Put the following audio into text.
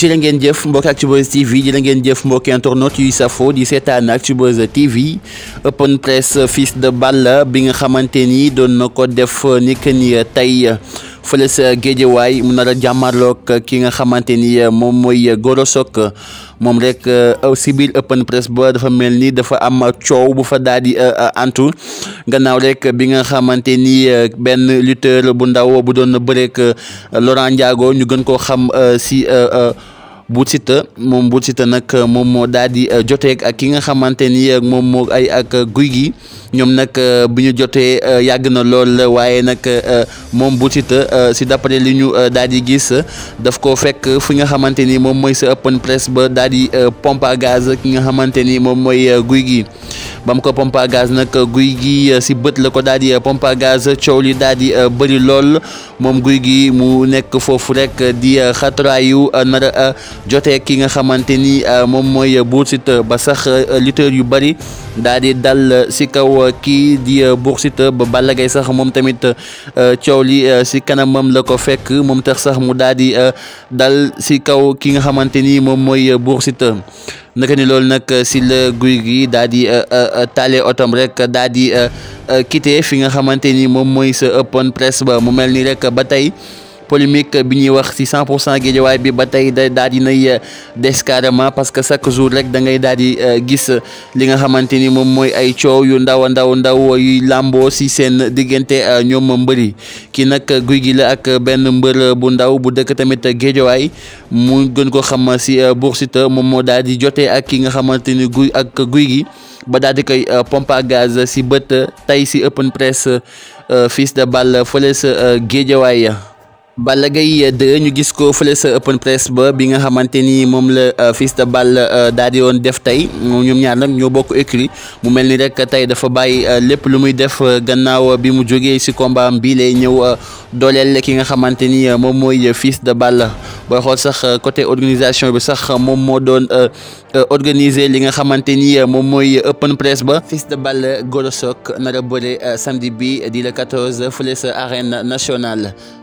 jërë ngeen jëf mbokk Actubuzz TV jërë ngeen jëf mbokk internet yuy safo di seetaan Actubuzz TV open press fils de Balla bi nga xamante nii doon na ko def ni que ni fële sa géejewaay mu nar a jàmmarloog ki nga xamante ni euh, moom mooy euh, Goro Sock moom rek euh, si biir open press ba dafa mel nii dafa am coow bu fa daal di antu gannaaw rekk bi nga xamante ni benn lutteur bu ndaw bu doon bëreek Laurent Ndiago ñu gën koo xam si Bou Siteu moom Bou Siteu nag moom moo daal di joteeg ak ki nga xamante ni moom moo ay ak guy gi. ñoom nag euh, bu ñu jotee euh, yàgg na lool waaye nag euh, moom bu Siteu si d'après li ñu daal di gis daf ko fekk fi nga xamante ni moom mooy sa open press ba daal di pompe à ki nga xamante ni moom mooy guy gi ba mu ko pompe à nag guy gi si bët la ko daal di pompe à coow li daal di bëri lool moom guy gi mu nekk foofu rek di xatraayu nar jotee ki nga xamante ni moom mooy Buur Siteu ba sax lutteurs yu bëri daal di dal si kaw kaw kii di euh, Buur Siteu ba Balla sax moom tamit euh, coow li euh, si kanamam la ko fekk moom tax sax mu daal di dal si kaw ki nga xamante ni moom mooy Buur Siteu naka ni loolu nag si la guy gi daal di taale otom rek daal di quitté fi nga xamante ni moom mooy sa open press ba mu mel nii rek ba tey. polémique bi ñuy wax ci 100 pour bi ba tey da daal di nay euh, des carrément parce que chaque jour rek da ngay daal euh, gis euh, li nga xamante ni moom mooy ay coow yu ndaw a ndaw ndaw yuy làmboo si seen diggante ñoom mbër yi kii nag guy gi la ak benn mbër bu ndaw bu dëkk tamit Guédiawaye mu gën ko xam si Bour moom moo daal di jotee ak ki nga xamante ni guy ak guy gi ba daal di koy pompe à gaz ci bët tey si open press fils de balle fële sa Guédiawaye Balla Gaye 2 euh, ñu gis ko fële sa open press ba bi nga xamante ni moom la euh, Fils de euh, daal di doon def tey ñoom ñaar nag bokk écrit mu mel ni rek tey dafa bàyyi lépp lu muy def gannaaw bi mu jógee ci combat bii lay ñëw dooleel ki nga xamante ni moom mooy Fils de Balla booy sax côté organisation bi sax moom moo doon organiser li nga xamante ni moom mooy open press ba Fils de Balla Gorosok nar a bëre bi di le 14 fële sa arène nationale